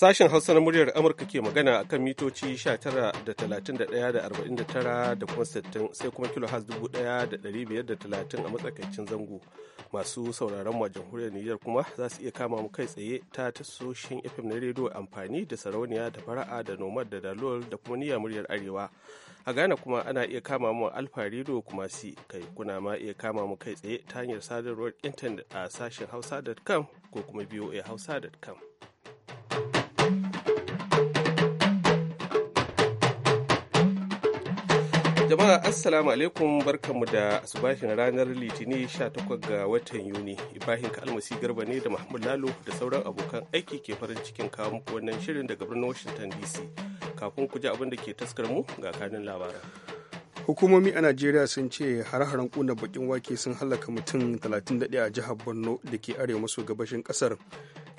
Sashen Hausa na muryar Amurka ke magana a kan mitoci 19 da kuma 60 sai kuma 1530 a matsakaicin zango. Masu sauraron mu a jamhuriyar Nijar kuma za su iya kama mu kai tsaye ta tasoshin FM na rediyo amfani da sarauniya da fara'a da nomad da dalol da kuma niyyar muryar Arewa. A Ghana kuma ana iya kama mu Alfa rediyo kuma si kai kuna ma iya kama mu kai tsaye ta hanyar sadarwar intanet a sashen hausa.com ko kuma voahausa.com. Jama'a Assalamu alaikum barkanmu da asubahin ranar Litini 18 ga watan Yuni. Ibrahim Kalmasi Garba ne da Mahmud Lalo da sauran abokan aiki ke farin cikin kawo muku wannan shirin daga birnin Washington DC. Kafin ku ji abin da ke taskar mu ga kanin labaran. Hukumomi a Najeriya sun ce har-haren kuna bakin wake sun halaka mutum 31 a jihar Borno da ke arewa maso gabashin kasar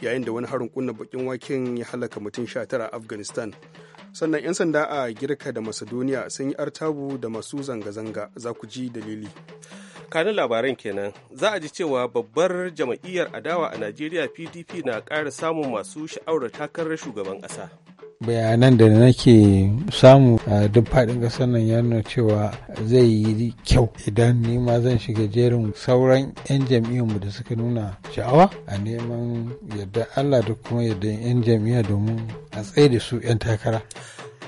yayin da wani harin kunna bakin waken ya halaka mutum 19 a afghanistan sannan 'yan sanda a girka da macedonia sun yi artabu da masu zanga-zanga za ku ji dalili kanin labaran kenan za a ji cewa babbar jama'iyyar adawa a najeriya pdp na ƙara samun masu sha'awar takarar shugaban ƙasa bayanan da nake samu a duk faɗin ƙasar nan ya nuna cewa zai yi kyau idan ni ma zan shiga jerin sauran 'yan jam'iyyarmu da suka nuna sha'awa a neman yadda allah da kuma yadda 'yan jam'iyya domin a tsaye da su 'yan takara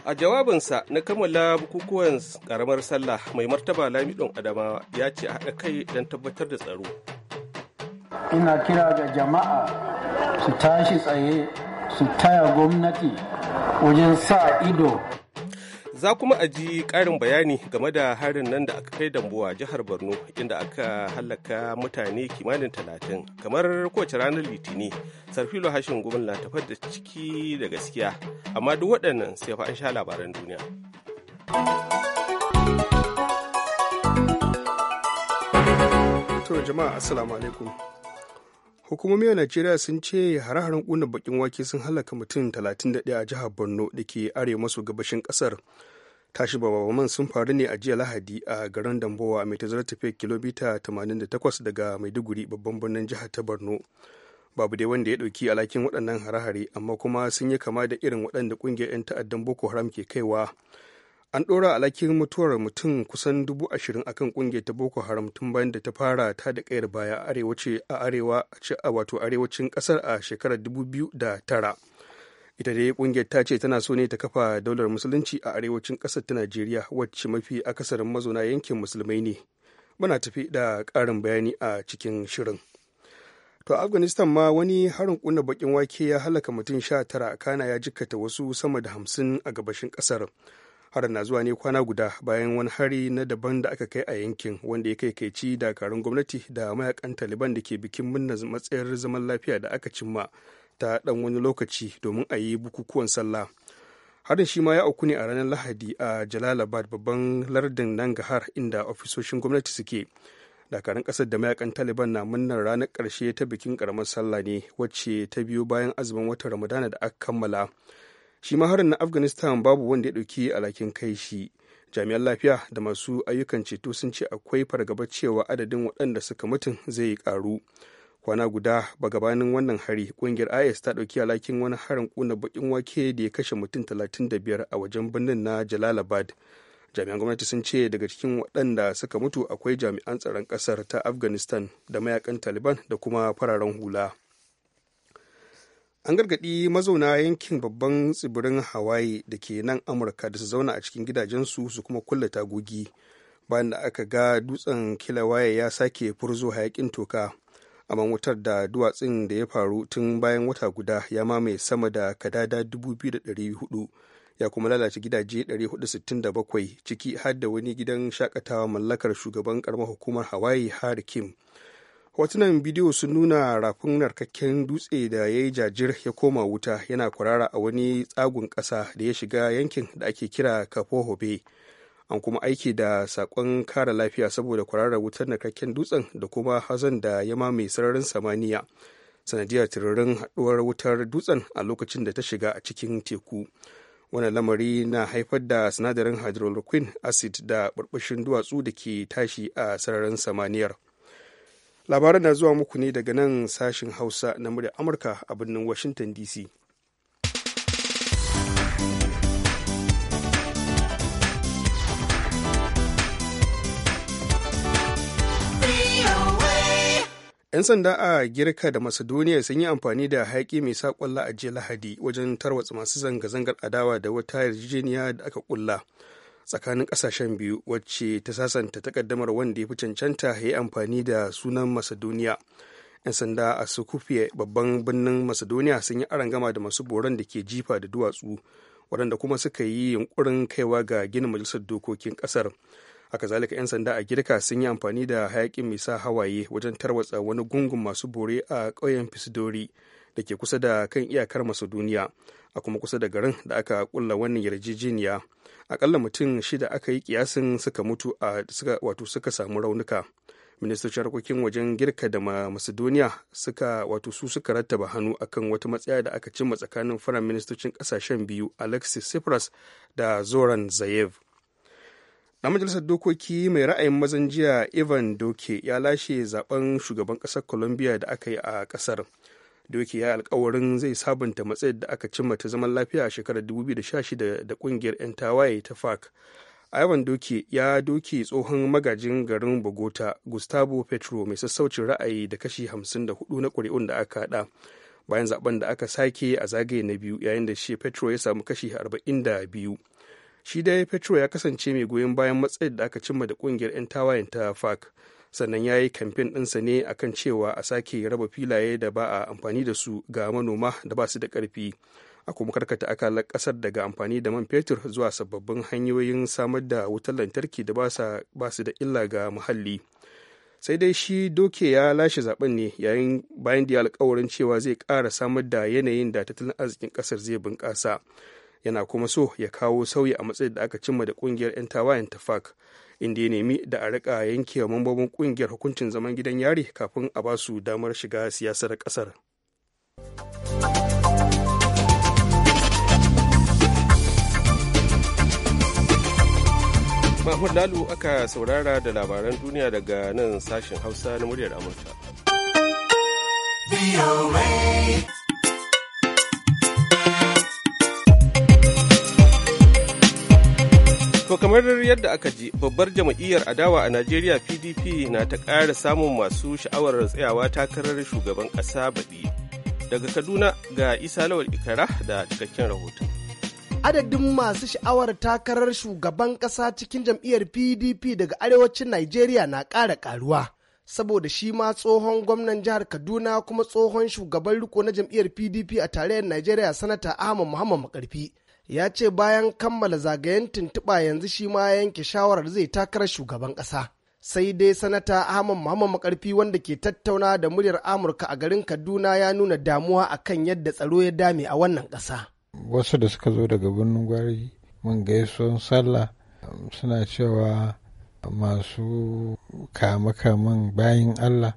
a jawabinsa na kammala bukukuwan karamar sallah mai martaba lamidon adamawa ya ce a haɗa kai don tabbatar da tsaro ina kira ga jama'a su tashi tsaye su taya gwamnati wajen sa ido za kuma a ji ƙarin bayani game da harin nan da aka kai dambuwa jihar borno inda aka hallaka mutane kimanin talatin kamar kowace ranar litini sarfilo hashin gumin na tafar da ciki da gaskiya amma duk waɗannan sai fa an sha labaran duniya to jama'a assalamu alaikum hukumomi a najeriya sun ce hare-haren bakin wake sun halaka mutum 31 a jihar borno da ke arewa maso gabashin kasar tashi babaman sun faru ne a jiya lahadi a garin dambowa mai tazarar tafiya kilomita 88 daga maiduguri babban birnin jihar ta borno babu dai wanda ya ɗauki alhakin waɗannan hare-hare amma kuma sun yi kama da irin waɗanda ƙungiyar 'yan ta'addan boko haram ke kaiwa an ɗora alhakin mutuwar mutum kusan dubu ashirin akan ƙungiyar ta boko haram tun bayan da ta fara ta da kayar baya arewace a arewa a wato arewacin ƙasar a shekarar dubu biyu da tara ita dai kungiyar ta ce tana so ne ta kafa daular musulunci a arewacin kasar ta najeriya wacce mafi akasarin mazauna yankin musulmai ne muna tafi da ƙarin bayani a cikin shirin to afghanistan ma wani harin kunna bakin wake ya halaka mutum sha tara kana ya jikkata wasu sama da hamsin a gabashin ƙasar harin na zuwa ne kwana guda bayan wani hari na daban da aka kai a yankin wanda ya kai da dakarun gwamnati da mayakan taliban da ke bikin munna matsayar zaman lafiya da aka cimma ta dan wani lokaci domin a yi bukukuwan sallah harin shi ma ya auku ne a ranar lahadi a jalalabad babban lardin nangahar inda ofisoshin gwamnati suke dakarun kasar da mayakan taliban na murnar ranar karshe ta bikin karamar sallah ne wacce ta biyo bayan azumin watan ramadana da aka kammala shi ma harin na afghanistan babu wanda ya ɗauki alhakin kai shi jami'an lafiya da masu ayyukan ceto sun ce akwai fargaba cewa adadin waɗanda suka mutum zai yi ƙaru kwana guda ba gabanin wannan hari ƙungiyar is ta ɗauki alhakin wani harin kuna baƙin wake da ya kashe mutum 35 a wajen birnin na jalalabad jami'an gwamnati sun ce daga cikin waɗanda suka mutu akwai jami'an tsaron ƙasar ta afghanistan da mayakan taliban da kuma fararen hula an gargaɗi mazauna yankin babban tsibirin hawaii da ke nan amurka da su zauna a cikin gidajensu su kuma kulle tagogi bayan da aka ga dutsen kilawaye ya sake furzo hayakin toka amma wutar da duwatsun da ya faru tun bayan wata guda ya mamaye sama da kadada 2,400 ya kuma lalace gidaje 467 ciki har da wani gidan shakatawa mallakar shugaban karamar hukumar hawaii harry kim hotunan bidiyo sun nuna rafin narkakken dutse da ya yi jajir ya koma wuta yana kwarara a wani tsagun ƙasa da ya shiga yankin da ake kira kafohobe an kuma aiki da sakon kare lafiya saboda kwararar wutar narkakken dutsen da kuma hazon da ya mame sararin samaniya sanadiyar tururin haɗuwar wutar dutsen a lokacin da ta shiga a cikin teku wannan lamari na haifar da sinadarin hydroquin acid da burbushin duwatsu da ke tashi a sararin samaniyar labaran na zuwa muku ne daga nan sashin hausa na murya amurka a birnin washington dc yan sanda a girka da macedonia sun yi amfani da haƙi mai a jiya lahadi wajen tarwatsa masu zanga-zangar adawa da wata yarjejeniya da aka ƙulla tsakanin ƙasashen biyu wacce ta sasanta takaddamar wanda ya fi cancanta ya yi amfani da sunan macedonia 'yan sanda a sukufiya babban birnin macedonia sun yi arangama da masu boron da ke jifa da duwatsu waɗanda kuma suka yi yunkurin kaiwa ga gina majalisar dokokin ƙasar haka zalika 'yan sanda a girka sun yi amfani da hayaƙin mai sa hawaye wajen tarwatsa wani gungun masu bore a ƙauyen fisidori da ke kusa da kan iyakar macedonia a kuma kusa da garin da aka kulla wannan yarjejeniya akalla mutum shida aka yi kiyasin suka mutu a suka wato suka samu raunuka ministocin harkokin wajen girka da macedonia suka wato su suka rattaba hannu akan wata matsaya da aka cimma tsakanin firayim ministocin kasashen biyu alexis tsipras da zoran zayev na majalisar dokoki mai ra'ayin mazan jiya ivan doke ya lashe zaben shugaban ƙasar colombia da aka yi a ƙasar doki ya alkawarin zai sabunta matsayin da aka cimma ta zaman lafiya a shekarar 2016 da kungiyar 'yan tawaye ta farc ivan doki ya doki tsohon magajin garin bogota gustavo petro mai sassaucin ra'ayi da kashi 54 na ƙuri'un da aka haɗa bayan zaben da aka sake a zagaye na biyu yayin da shi petro ya samu kashi 42 shi dai petro ya kasance mai goyon bayan matsayin da aka cimma da kungiyar 'yan tawayen ta farc sannan ya yi kamfen ɗinsa ne akan cewa a sake raba filaye da ba a amfani da su ga manoma da ba su da ƙarfi a kuma karkata akalar ƙasar daga amfani da man fetur zuwa sababbin hanyoyin samar da wutar lantarki da ba su da illa ga muhalli sai dai shi doke ya lashe zaben ne yayin bayan da ya alkawarin cewa zai kara samar da yanayin da tattalin arzikin ƙasar zai bunƙasa yana kuma so ya kawo sauyi a matsayin da aka cimma da ƙungiyar 'yan tawayen tafak inda ya nemi da a rika yanke wa mambobin kungiyar hukuncin zaman gidan yari kafin a ba su damar shiga siyasar kasar Mahmud Lalu aka saurara da labaran duniya daga nan sashen Hausa na muryar Amurka. To kamar yadda aka ji babbar jam'iyyar adawa a Najeriya PDP na ta ƙara samun masu sha'awar tsayawa takarar shugaban ƙasa baɗi. Daga Kaduna ga Isa Lawal Ikara da cikakken rahoton. Adadin masu sha'awar takarar shugaban ƙasa cikin jam'iyyar PDP daga arewacin Najeriya na ƙara ƙaruwa. saboda shi ma tsohon gwamnan jihar Kaduna kuma tsohon shugaban riko na jam'iyyar PDP a tarayyar Najeriya sanata Ahmad Muhammad Makarfi ya ce bayan kammala zagayen tuntuɓa yanzu shi ma yanke shawarar zai takarar shugaban ƙasa. Sai dai sanata Ahmad Muhammad Makarfi wanda ke tattauna da muryar Amurka a garin Kaduna ya nuna damuwa akan yadda tsaro ya dame a wannan ƙasa. Wasu da suka zo daga birnin gwari mun gaisuwan sallah suna cewa masu kama-kaman bayan Allah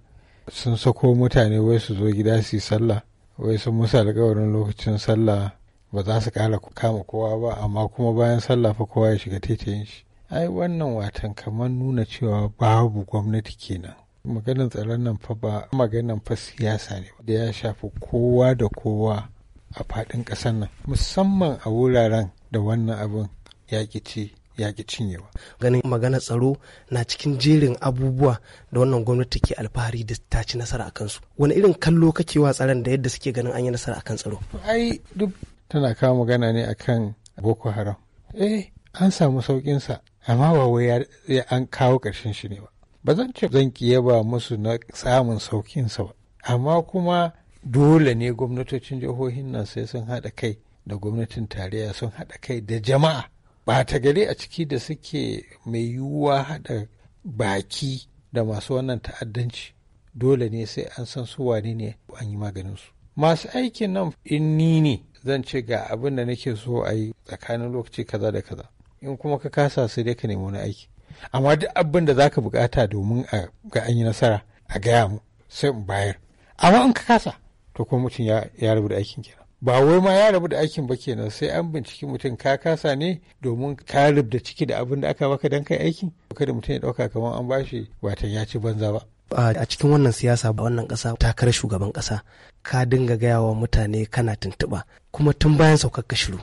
sun sako mutane wai su zo gida su yi sallah wai sun musu alkawarin lokacin sallah ba za su kara kama kowa ba amma kuma bayan sallah fa kowa ya shiga titayin shi ai wannan watan kamar nuna cewa babu gwamnati kenan maganin tsaron nan fa ba maganin fa siyasa ne da ya shafi kowa da kowa a faɗin ƙasar nan musamman a wuraren da wannan abin ya ce ki cinyewa ganin magana tsaro na cikin jerin abubuwa da wannan gwamnati ke alfahari da ta ci nasara a kansu wani irin kallo kake wa tsaron da yadda suke ganin an yi nasara a kan tsaro ai duk tana kawo magana ne akan boko haram eh an samu sauƙinsa amma ba wai ya an kawo ƙarshen shi ne ba ba zan ce zan ba musu na samun sauƙinsa ba amma kuma dole ne gwamnatocin jihohin nan sai sun haɗa kai da gwamnatin tarayya sun haɗa kai da jama'a Ba ta gari a ciki da suke mai yiwuwa haɗa baki da masu wannan ta'addanci dole ne sai an san su wane ne an yi maganinsu masu aikin nan in ni ne zan ce ga abin da nake so a yi tsakanin lokaci kaza da kaza in kuma ka kasa sai dai ka nemi na aiki amma duk abin da zaka bukata domin a ga an yi nasara a gaya mu sai in bayar amma in ka kasa to kuma mutum ya rabu da aikin kenan ba wai ma ya rabu da aikin ba kenan sai an binciki mutum ka kasa ne domin ka da ciki da abin da aka baka dan kai aikin kada mutum ya dauka kamar an bashi watan ya ci banza ba a cikin wannan siyasa ba wannan ƙasa takarar shugaban kasa. ka dinga gaya wa mutane kana tuntuɓa kuma tun bayan saukar shiru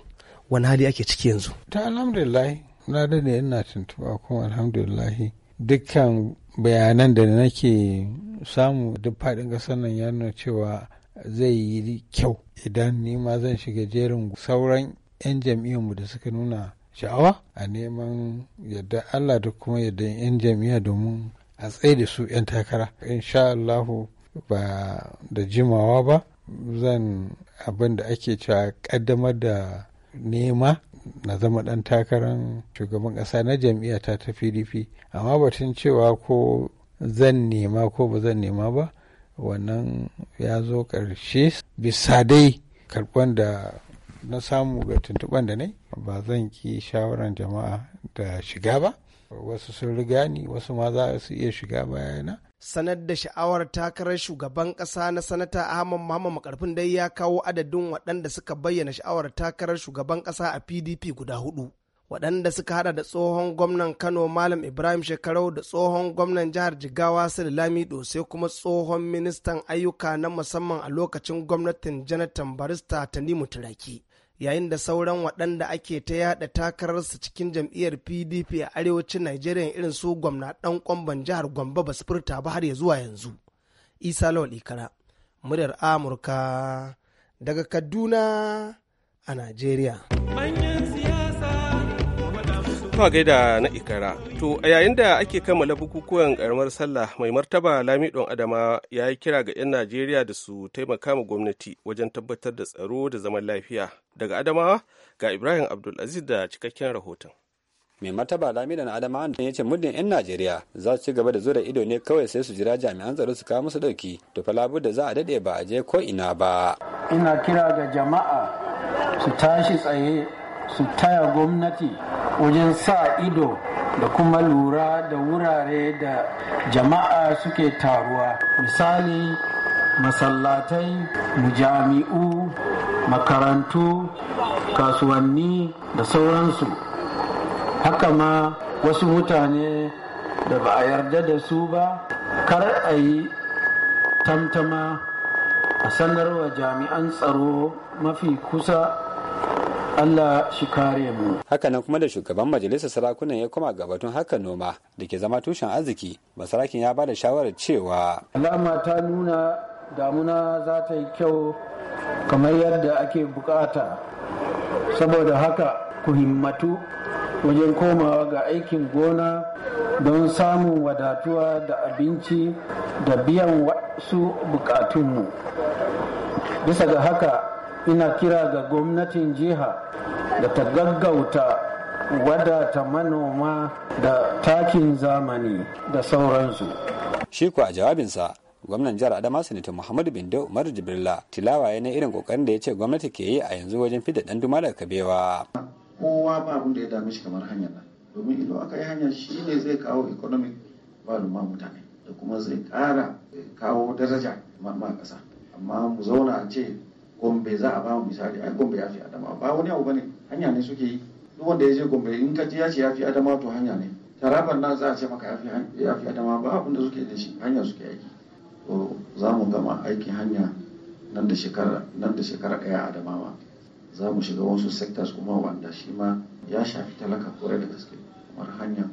wani hali ake ciki yanzu ta alhamdulillah na da ina tuntuɓa kuma alhamdulillah dukkan bayanan da nake samu duk faɗin ƙasar nan ya nuna cewa zai yi kyau idan ni ma zan shiga jerin sauran 'yan mu da suka nuna sha'awa a neman yadda Allah da kuma yadda 'yan jam'iyya domin a tsaye da su 'yan takara insha allahu ba da jimawa ba zan abin da ake cewa kaddamar da nema na zama ɗan takaran shugaban ƙasa na jam'iyyata ta ta pdp amma batun cewa ko zan nema ko ba zan nema ba wannan ya zo ƙarshe bisa dai karɓar da na samu ga tuntuɓar da ne ba zan ki shawaran jama'a da shiga ba wasu sun riga ni wasu ma za su iya shiga bayana sanar da sha'awar takarar shugaban ƙasa na sanata ahmad muhammad makarfin dai ya kawo adadin waɗanda suka bayyana sha'awar takarar shugaban ƙasa a pdp guda hudu waɗanda suka hada da tsohon gwamnan kano malam ibrahim shekarau da tsohon gwamnan jihar jigawa sir lamido sai kuma tsohon ministan ayyuka na musamman a lokacin gwamnatin janatan barista tanimu turaki yayin da sauran waɗanda ake ta yada takararsa cikin jam'iyyar pdp a arewacin nigeria irin su gwamna ɗan kwamban jihar gombe ba su furta ba har ya zuwa yanzu isa lawal ikara muryar amurka daga kaduna a nigeria Tuwa gaida na ikara. To a yayin da ake kammala bukukuwan karamar sallah mai martaba Lamidon Adama ya yi kira ga 'yan Najeriya da su taimaka ma gwamnati wajen tabbatar da tsaro da zaman lafiya. Daga Adamawa ga Ibrahim Abdulaziz da cikakken rahoton. mai martaba lamidan adama ya ce muddin 'yan najeriya za su ci gaba da zura ido ne kawai sai su jira jami'an tsaro su kawo musu dauki to fa da za a dade ba a je ko ina ba ina kira ga jama'a su tashi tsaye su taya gwamnati wajen sa ido da kuma lura da wurare da jama'a suke taruwa misali masallatai mujami'u makarantu kasuwanni da sauransu haka ma wasu mutane da ba a yarda da su ba kar a yi tamtama a sanarwa jami'an tsaro mafi kusa Allah shi kare mu. nan kuma da shugaban majalisar sarakunan ya koma ga batun haka noma da ke zama tushen arziki, masarakin ya ba da shawarar cewa. Alama ta nuna damuna za ta yi kyau kamar yadda ake bukata. Saboda haka ku himmatu wajen komawa ga aikin gona don samun wadatuwa da abinci da biyan wasu bukatunmu. Bisa ga haka ina kira ga gwamnatin jiha da ta gaggauta wadata manoma da takin zamani da sauransu shi a jawabinsa gwamnan jihar adama sanita muhammadu bindo umaru jibrila tilawa ya na irin kokarin da ya ce gwamnati ke yi a yanzu wajen fida dan duma daga kabewa kowa ba abin da ya dame shi kamar hanyar nan domin idan aka yi hanyar shi ne zai kawo economic value ma mutane da kuma zai kara eh, kawo daraja ma ƙasa amma mu zauna a ce gombe za a ba misali ai gombe ya fi adama ba wani abu bane hanya ne suke yi duk wanda ya je gombe in ka ji ya ce ya fi adama to hanya ne taraban nan za a ce maka ya fi adama ba abin da suke da shi hanya suke aiki to za mu gama aikin hanya nan da shekara nan da shekara ɗaya adamawa za mu shiga wasu sectors kuma wanda shi ma ya shafi talaka kore da gaske kamar hanya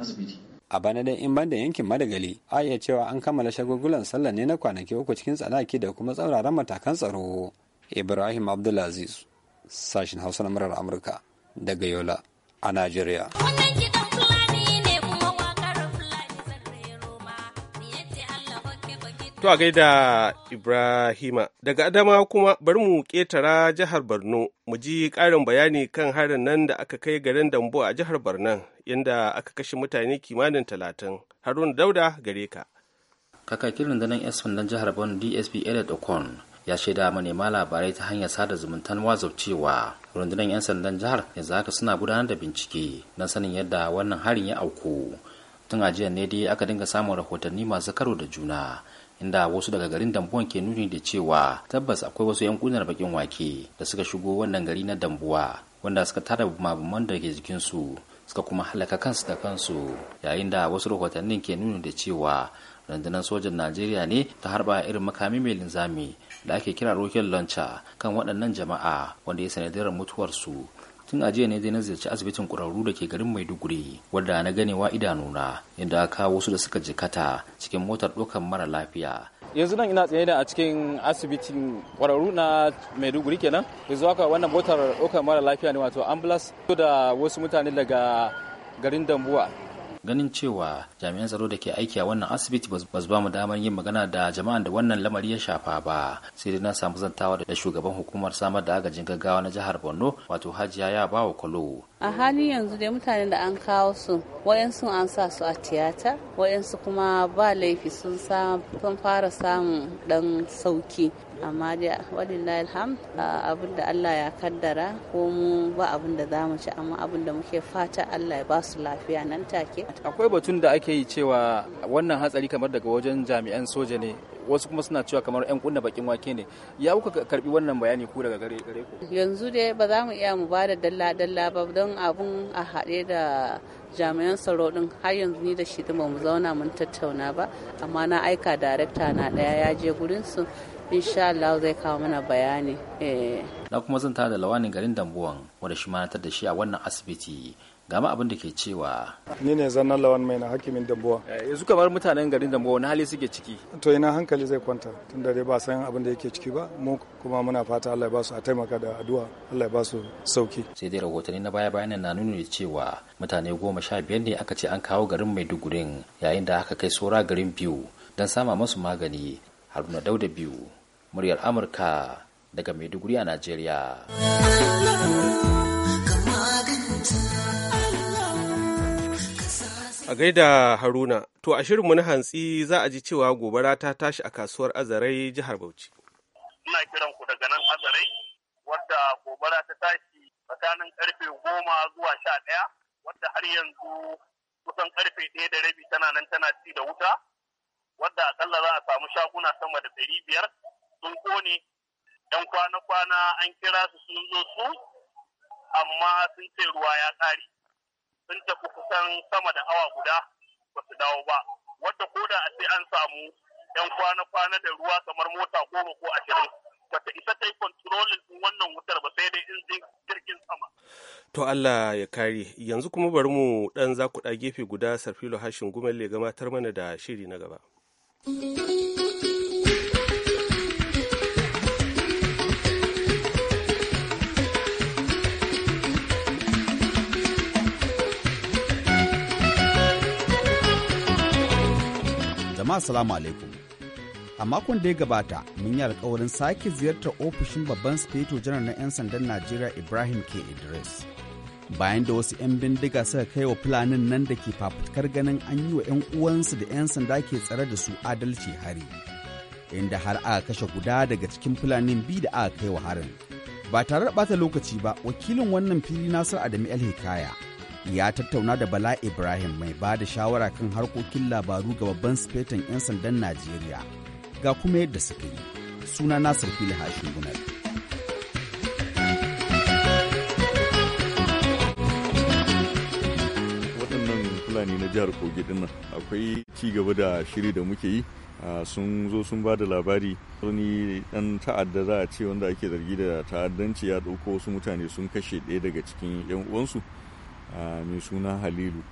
asibiti a bana dan in banda yankin madagali a iya cewa an kammala shagulgulan sallah ne na kwanaki uku cikin tsanaki da kuma tsauraran matakan tsaro ibrahim abdulaziz sashen hausa na murar amurka daga yola a najeriya To a gaida Ibrahima, daga Adama kuma bari mu ƙetara jihar Borno mu ji ƙarin bayani kan harin nan da aka kai garin Dambo a jihar Borno inda aka kashe mutane kimanin talatin. Haruna Dauda gare ka. Kakakin rundunar 'yan sandan jihar Borno DSP Elliot Okon ya shaida manema labarai ta hanyar sada zumuntan wazaf cewa rundunar 'yan sandan jihar yanzu haka suna gudanar da bincike na sanin yadda wannan harin ya auku tun ajiyar ne dai aka dinga samun rahotanni masu karo da juna inda wasu daga garin dambuwan ke nuni da cewa tabbas akwai wasu kunar bakin wake da suka shigo wannan gari na dambuwa wanda suka tara mabuman da ke su suka kuma halaka kansu da kansu yayin da wasu rahotannin ke nuni da cewa rundunar sojan najeriya ne ta harba irin makami mai linzami da ake kira roken lonca kan waɗannan jama'a wanda ya sanadiyar mutuwarsu tun a jiya ne zai na ziyarci asibitin ƙwararru da ke garin maiduguri wadda na ganewa idanuna inda aka kawo wasu da suka jikata cikin motar ɗaukar mara lafiya yanzu nan ina tsaye da a cikin asibitin ƙwararru na maiduguri kenan yanzu haka wannan motar ɗaukar mara lafiya ne wato ambulance da wasu mutane daga garin dambuwa ganin cewa jami'an tsaro da ke aiki a wannan asibiti ba su ba mu damar yin magana da jama'an da wannan lamari ya shafa ba sai dai na samu zantawa da shugaban hukumar samar da agajin gaggawa na jihar borno wato hajiya ya bawa kwalo a halin yanzu dai mutane da an kawo su wayansu an sa su a tiyata wayansu kuma ba laifi sun fara samun dan sauki amma dai walillahi alham abin da Allah ya kaddara ko mu ba abin da za mu ci amma abin da muke fata Allah ya ba su lafiya nan take akwai batun da ake yi cewa wannan hatsari kamar daga wajen jami'an soja ne wasu kuma suna cewa kamar yan kunna bakin wake ne ya kuka karbi wannan bayani ku daga gare ku yanzu dai ba za mu iya mu ba da dalla dalla ba don abun a haɗe da jami'an tsaro din har yanzu ni da shi ba mu zauna mun tattauna ba amma na aika darakta na daya ya je gurin su insha Allah zai kawo mana bayani eh. na kuma zan tada lawanin garin dambuwan wanda shi ma da shi a wannan asibiti gama abin da ke cewa ni ne zannan lawan mai na hakimin dambuwa eh, yanzu kamar mutanen garin dambuwa wani hali suke ciki to ina hankali zai kwanta tun da dai ba san abin da yake ciki ba mu kuma muna fata Allah ya ba su a taimaka da addu'a Allah ya ba su sauki sai dai rahotanni na baya bayan na nuna cewa mutane goma sha biyar ne aka ce an kawo garin Maiduguri yayin da aka kai sora garin biyu don sama masu magani Haruna Dauda biyu muryar Amurka daga Maiduguri a Najeriya. A gaida Haruna, to a shirinmu na hantsi za a ji cewa gobara ta tashi a kasuwar Azarai jihar Bauchi. Ina kiran ku daga nan Azarai, wadda gobara ta tashi tsakanin karfe goma zuwa sha ɗaya, wadda har yanzu kusan karfe ɗaya da rabi tana nan tana ci da wuta, wadda akalla za a samu shaguna sama da ɗari biyar sun kone. ‘Yan kwana-kwana an kira su sun zo su, amma sun ce ruwa ya ƙare. sun tafi kusan sama da awa guda ba su dawo ba wadda ko da a ce an samu yan kwana-kwana da ruwa kamar mota goma ko ashirin ba ta isa ta yi kontrolin wannan wutar ba sai dai in jirgin sama. To Allah ya kare yanzu kuma bari mu dan za ku gefe guda Sarfilo Hashin gumalle ya matar mana da shiri na gaba. jama'a salamu alaikum a makon da ya gabata mun yi alkawarin sake ziyartar ofishin babban sufeto janar na 'yan sandan najeriya ibrahim k idris bayan da wasu 'yan bindiga suka kai wa fulanin nan da ke fafutukar ganin an yi wa 'yan uwansu da 'yan sanda ke tsare da su adalci hari inda har aka kashe guda daga cikin fulanin bi da aka kai wa harin ba tare da bata lokaci ba wakilin wannan fili nasir Adamu el hikaya ya tattauna da Bala Ibrahim mai ba da shawara kan harkokin labaru ga babban sifetan 'yan sandan Najeriya ga kuma yadda suka yi. Suna Nasir Fili Hashin Gunar. Waɗannan Fulani na jihar Kogi nan akwai ci gaba da shiri da muke yi sun zo sun ba da labari wani dan ta'adda za a ce wanda ake zargi da ta'addanci ya ɗauko wasu mutane sun kashe ɗaya daga cikin 'yan uwansu mai suna halilu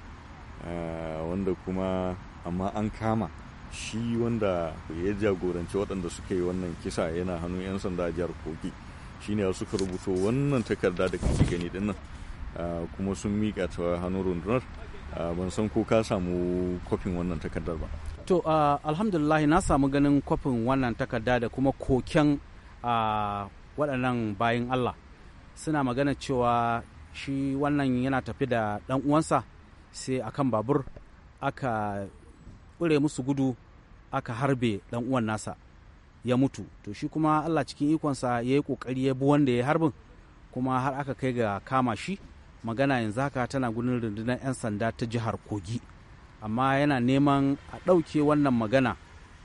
wanda kuma amma an kama shi wanda ya jagoranci waɗanda suka yi wannan kisa yana hannun 'yan sanda a jihar kogi ne suka rubuto wannan takarda da kake gani dinnan kuma sun miƙa ta hannun rundunar ban san ko ka samu kofin wannan takardar ba to alhamdulillah na samu ganin kwafin wannan takarda da kuma koken waɗannan bayan allah suna magana cewa shi wannan yana tafi da ɗan uwansa sai a kan babur aka ƙure musu gudu aka harbe ɗan uwan nasa ya mutu to shi kuma allah cikin ikonsa ya yi ƙoƙari ya bi wanda ya harbin kuma har aka kai ga kama shi magana yanzu haka tana gudun rundunar 'yan sanda ta jihar kogi amma yana neman a ɗauke wannan magana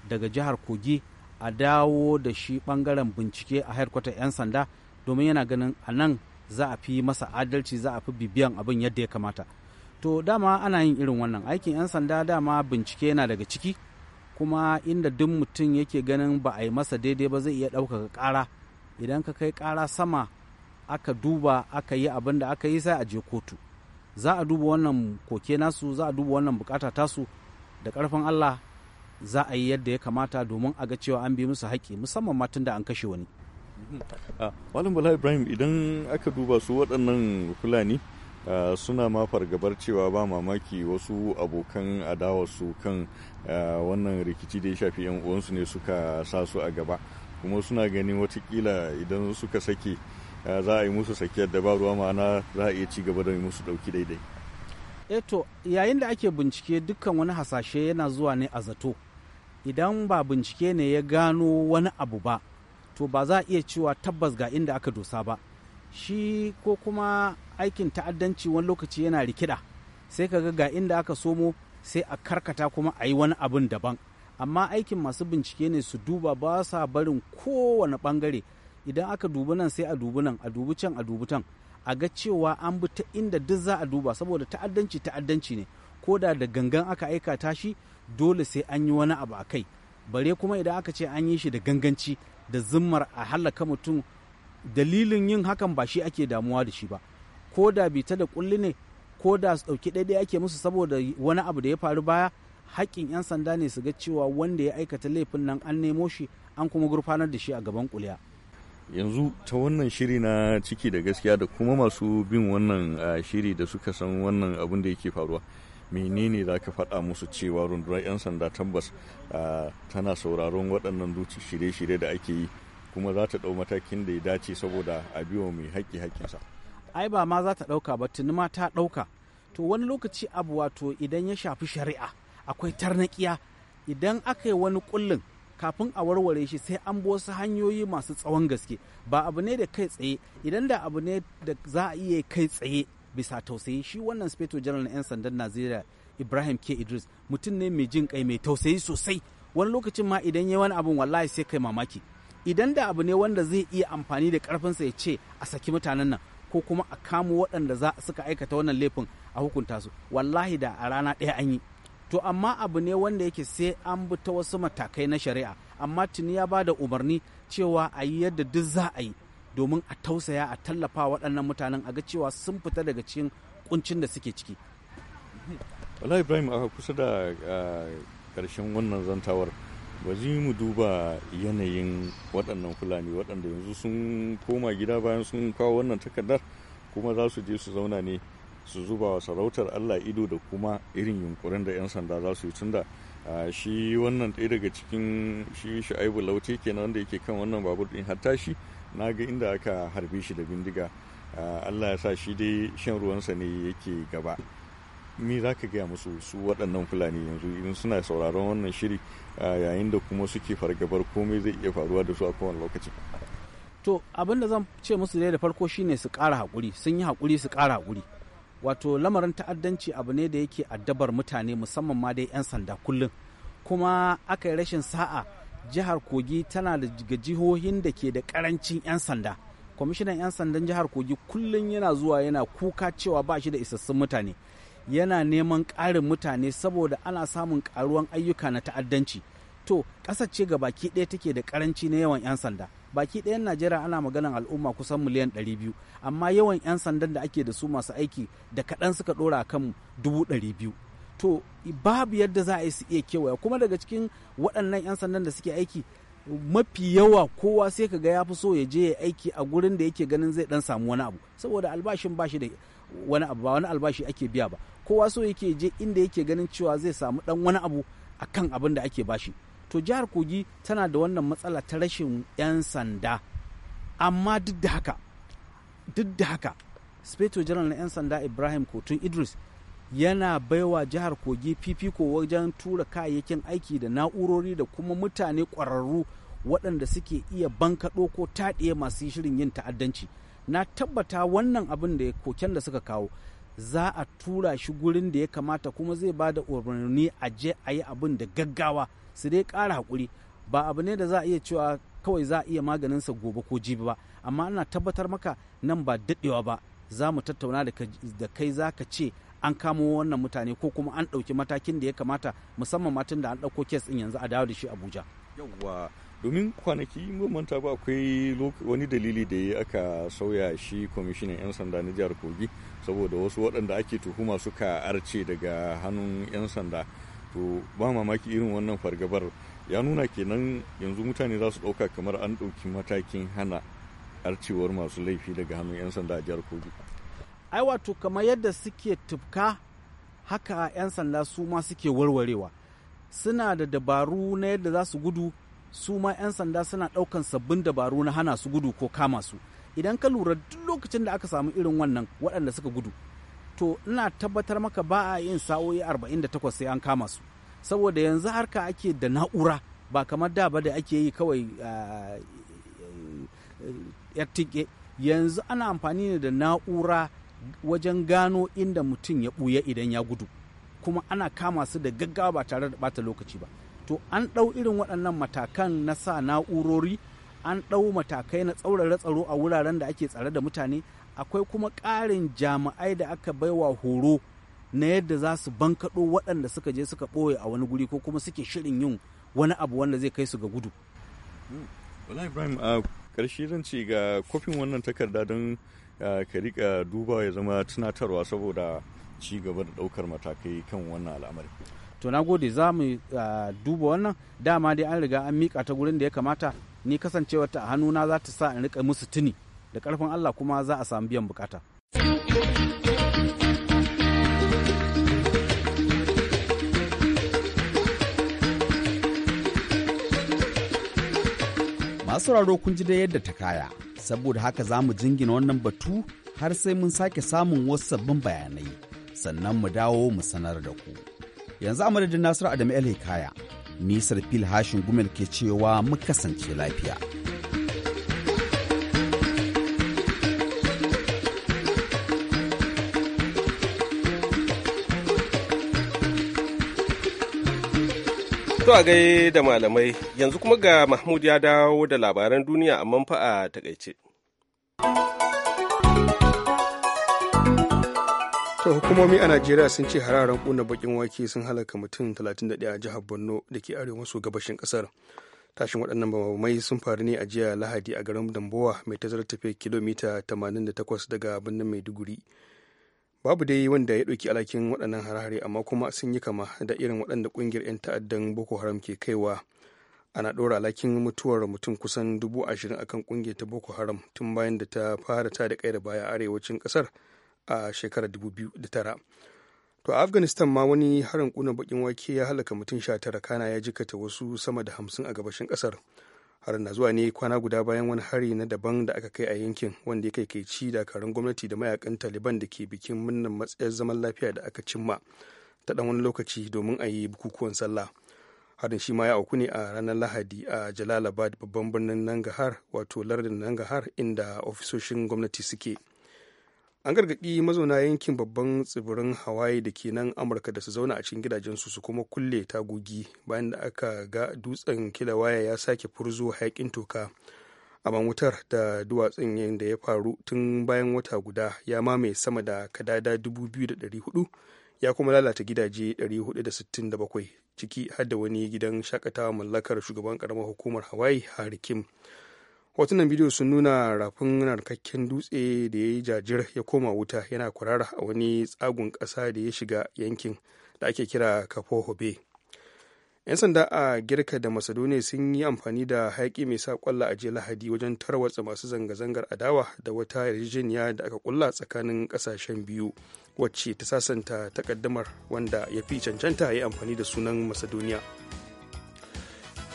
daga jihar kogi a dawo da shi ɓangaren bincike a harkwatar 'yan sanda domin yana ganin a nan za a fi masa adalci za a fi bibiyan abin yadda ya kamata to dama ana yin irin wannan aikin 'yan sanda dama bincike yana daga ciki kuma inda duk mutum yake ganin ba a yi masa daidai ba zai iya ɗaukaka ƙara idan ka kai ƙara sama aka duba aka yi abin da aka yi sai a je kotu za a duba wannan koke nasu za a duba wannan bukata tasu da ƙarfin allah za a yi yadda ya kamata domin a ga cewa an bi musu haƙƙi musamman ma tun da an kashe wani Ah, Malam Bala Ibrahim idan aka duba su waɗannan Fulani ah, suna ma fargabar cewa ba mamaki wasu abokan adawarsu kan ah, wannan rikici da ya shafi 'yan uwansu ne suka sa su a gaba kuma suna ganin watakila idan suka sake za a yi musu sakiyar da ba ruwa ma'ana za a iya ci gaba da yi musu ɗauki daidai. eto eh yayin da ake bincike dukkan wani hasashe yana zuwa ne a zato idan ba bincike ne ya gano wani abu ba to ba za a iya cewa tabbas ga inda aka dosa ba shi ko kuma aikin ta'addanci wani lokaci yana rikida sai ka ga inda aka somo sai a karkata kuma a yi wani abin daban amma aikin masu bincike ne su duba ba sa barin kowane bangare idan aka dubi nan sai a dubi nan a dubi can a dubi can a ga cewa an bi ta inda duk za a duba saboda ta'addanci ta'addanci ne ko da da gangan aka aikata shi dole sai an yi wani abu a kai bare kuma idan aka ce an yi shi da ganganci da zimmar a hallaka mutum dalilin yin hakan ba shi ake damuwa da shi ba ko da bita da kulli ne ko da su ɗauki ɗaiɗai ake musu saboda wani abu da ya faru baya haƙƙin 'yan sanda ne su ga cewa wanda ya aikata laifin nan an nemo shi an kuma gurfanar da shi a gaban kuliya yanzu ta wannan shiri na ciki da gaskiya da kuma masu bin wannan ah, shiri da suka san wannan abin da yake faruwa menene za ka faɗa musu cewa rundunar 'yan sanda tabbas tana sauraron waɗannan shirye-shirye da ake yi kuma za ta ɗau matakin da ya dace saboda a biyo mai haƙƙi haƙƙinsa ai ba ma za ta ɗauka ba tuni ma ta ɗauka to wani lokaci abu wato idan ya shafi shari'a akwai tarnaƙiya idan aka yi wani kullum kafin a warware shi sai an bi wasu hanyoyi masu tsawon gaske ba abu ne da kai tsaye idan da abu ne da za a iya kai tsaye bisa tausayi shi wannan speto general 'yan sandan najeriya ibrahim k idris mutum ne mai jin kai mai tausayi sosai wani lokacin ma idan ya wani abun wallahi sai kai mamaki idan da abu ne wanda zai iya amfani da karfinsa ya ce a saki mutanen nan ko kuma a kamo waɗanda za suka aikata wannan laifin a hukunta su wallahi da a rana ɗaya an yi to amma abu ne wanda yake sai an bi ta wasu matakai na shari'a amma tuni ya ba da umarni cewa a yi yadda duk za a yi domin a tausaya a tallafa waɗannan mutanen a ga cewa sun fita daga cikin kuncin da suke ciki wala ibrahim aka kusa da ƙarshen wannan zantawar ba zai mu duba yanayin waɗannan fulani waɗanda yanzu sun koma gida bayan sun kawo wannan takardar kuma za su je su zauna ne su zuba wa sarautar allah ido da kuma irin yunkurin da 'yan sanda za su yi tunda shi wannan ɗaya daga cikin shi shu'aibu lauti kenan wanda yake kan wannan babur ɗin hatta shi na ga inda aka harbe shi da bindiga ah, allah ya sa shi dai shan ruwansa ne yake gaba me za ka gaya musu su waɗannan fulani yanzu idan suna sauraron wannan shiri ah, yayin da kuma suke fargabar komai zai iya faruwa da su a kowane lokaci to abin da zan ce musu dai da farko shine su ƙara haƙuri sun yi haƙuri su ƙara haƙuri wato lamarin ta'addanci abu ne da yake addabar mutane musamman ma dai 'yan sanda kullum kuma aka yi rashin sa'a jihar kogi tana da jihohin da ke da karancin 'yan sanda kwamishinan 'yan sandan jihar kogi kullum yana zuwa yana kuka cewa ba shi da isassun mutane yana neman ƙarin mutane saboda ana samun ƙaruwan ayyuka na ta'addanci to ƙasar ce ga baki ɗaya take da karanci na yawan 'yan sanda baki ɗayan najeriya ana maganan al'umma kusan miliyan 200 amma yawan 'yan sandan da ake da su masu aiki da kaɗan suka ɗora kan 200 to babu yadda za a yi su iya kewaya kuma daga cikin waɗannan 'yan sandan da suke aiki mafi yawa kowa sai ka ga ya fi so ya je ya aiki a gurin da yake ganin zai dan samu wani abu saboda albashin bashi da wani abu ba wani albashi ake biya ba kowa so yake je inda yake ganin cewa zai samu dan wani abu a kan abin da ake bashi to jihar kogi tana da wannan matsala ta rashin 'yan sanda amma duk da haka duk da haka speto general na 'yan sanda ibrahim kotun idris yana baiwa jihar kogi fifiko wajen tura kayayyakin aiki da na'urori da kuma mutane ƙwararru waɗanda suke iya bankaɗo ko taɗiye masu shirin yin ta'addanci na tabbata wannan abin da koken da suka kawo za a tura shi gurin da ya kamata kuma zai ba da umarni a je a yi abin da gaggawa su dai kara hakuri ba abu ne da za a iya cewa kawai za a iya sa gobe ko jibi ba amma ana tabbatar maka nan ba daɗewa ba za mu tattauna da kai za ka ce an kamo wannan mutane ko kuma an ɗauki matakin da ya kamata musamman matan da an ɗauko kes ɗin yanzu a dawo da shi abuja yawwa domin kwanaki manta ba akwai wani dalili da ya aka sauya shi kwamishinan 'yan sanda na jihar kogi saboda wasu waɗanda ake tuhuma suka arce daga hannun 'yan sanda to ba mamaki irin wannan fargabar ya nuna kenan yanzu mutane za su ɗauka kamar an ɗauki matakin hana arcewar masu laifi daga hannun 'yan sanda a jihar kogi ai wato kamar yadda suke tufka haka 'yan sanda su ma suke warwarewa suna da dabaru na yadda za su gudu su ma 'yan sanda suna ɗaukan sabbin dabaru na hana su gudu ko kama su idan ka lura duk lokacin da aka samu irin wannan waɗanda suka gudu to ina tabbatar maka ba a yin sa'o'i 48 sai an kama su saboda yanzu harka ake da na'ura ba kamar da ba da ake yi kawai yar yanzu ana amfani da na'ura wajen gano inda mutum ya ɓuya idan ya gudu kuma ana kama su da gaggawa ba tare da bata lokaci ba to an ɗau irin waɗannan matakan na sa na'urori an ɗau matakai na tsaurara tsaro a wuraren da ake tsare da mutane akwai kuma ƙarin jami'ai da aka baiwa horo na yadda za su bankaɗo waɗanda suka je suka ɓoye a wani guri ko kuma suke shirin yin wani abu wanda zai kai su ga gudu. Hmm. Wala Ibrahim a ƙarshe zan ce ga kofin wannan takarda don Eh, ka rika duba ya zama tunatarwa saboda ci gaba da ɗaukar matakai kan wannan al'amari. to na gode za mu eh, duba wannan dama dai an riga an mika ta gurin da ya kamata ni kasancewar ta a hannuna za ta sa in rika musu tuni da karfin allah kuma za a samu biyan bukata. masu sauraro kun ji da yadda ta kaya saboda haka za mu jingina wannan batu har sai mun sake samun wasu sabbin bayanai sannan mu dawo mu sanar da ku yanzu a madadin nasiru adamu el kaya. nisar fil hashin gumel ke cewa mu kasance lafiya. To a gai da malamai yanzu kuma ga Mahmud ya dawo da labaran duniya a fa a takaice. To hukumomi a Najeriya sun ce hararen kuna bakin wake sun halaka mutum 31 a jihar Borno da ke arewa maso gabashin kasar. Tashin waɗannan mai sun faru ne a jiya Lahadi a garin Dambowa mai tazarar tafiya kilomita 88 daga birnin Maiduguri. babu dai wanda ya ɗauki alhakin waɗannan harare amma kuma sun yi kama da irin waɗanda ƙungiyar 'yan ta'addan boko haram ke kaiwa ana ɗora alhakin mutuwar mutum kusan dubu ashirin akan ƙungiyar ta boko haram tun bayan da ta fara ta da da baya arewacin ƙasar a shekarar da tara to a afghanistan ma wani harin kuna bakin wake ya halaka mutum sha tara kana ya jikata wasu sama da hamsin a gabashin ƙasar harin na zuwa ne kwana guda bayan wani hari na daban da aka kai a yankin wanda ya kai kai ci dakarun gwamnati da mayakan taliban da ke bikin murnar matsayar zaman lafiya da aka cimma ta dan wani lokaci domin a yi bukukuwan sallah harin shi ma ya auku ne a ranar lahadi a jalalabad babban birnin nangahar wato lardin nangahar inda ofisoshin gwamnati suke an gargaɗi mazauna yankin babban tsibirin hawaii da ke nan amurka da su zauna a cikin gidajensu su kuma kulle tagogi bayan da aka ga dutsen kilawaya ya sake furzo hayakin toka a wutar da duwatsun da ya faru tun bayan wata guda ya mamaye sama da kadada 2,400 ya kuma lalata gidaje 467 ciki har wani gidan shakatawa mallakar shugaban karamar hukumar hawaii harry hotunan bidiyo sun nuna rafin narkakken dutse da ya yi jajir ya koma wuta yana kurara a wani tsagun ƙasa da ya shiga yankin da ake kira kafo hobe 'yan sanda a girka da macedonia sun yi amfani da hayaƙi mai sa kwallo a jiya lahadi wajen tarwatsa masu zanga-zangar adawa da wata yarjejeniya da aka kulla tsakanin ƙasashen biyu wacce ta sasanta takaddamar wanda ya fi cancanta ya yi amfani da sunan macedonia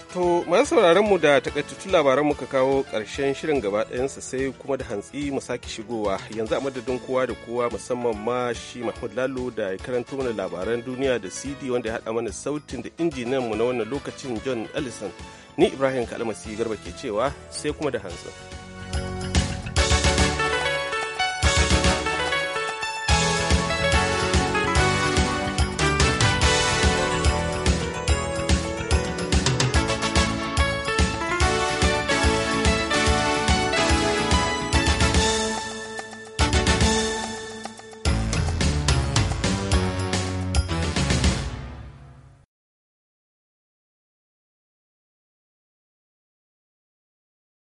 To, masu sauraron mu da takaitattun labaran muka kawo ƙarshen shirin gaba ɗayansa sai kuma da hantsi mu sake shigowa yanzu a madadin kowa da kowa musamman ma shi Mahmud Lalo da ya karanto mana labaran duniya da CD wanda ya haɗa mana sautin da injiniyan mu na wannan lokacin John Ellison. Ni Ibrahim Kalmasi Garba ke cewa sai kuma da hantsi.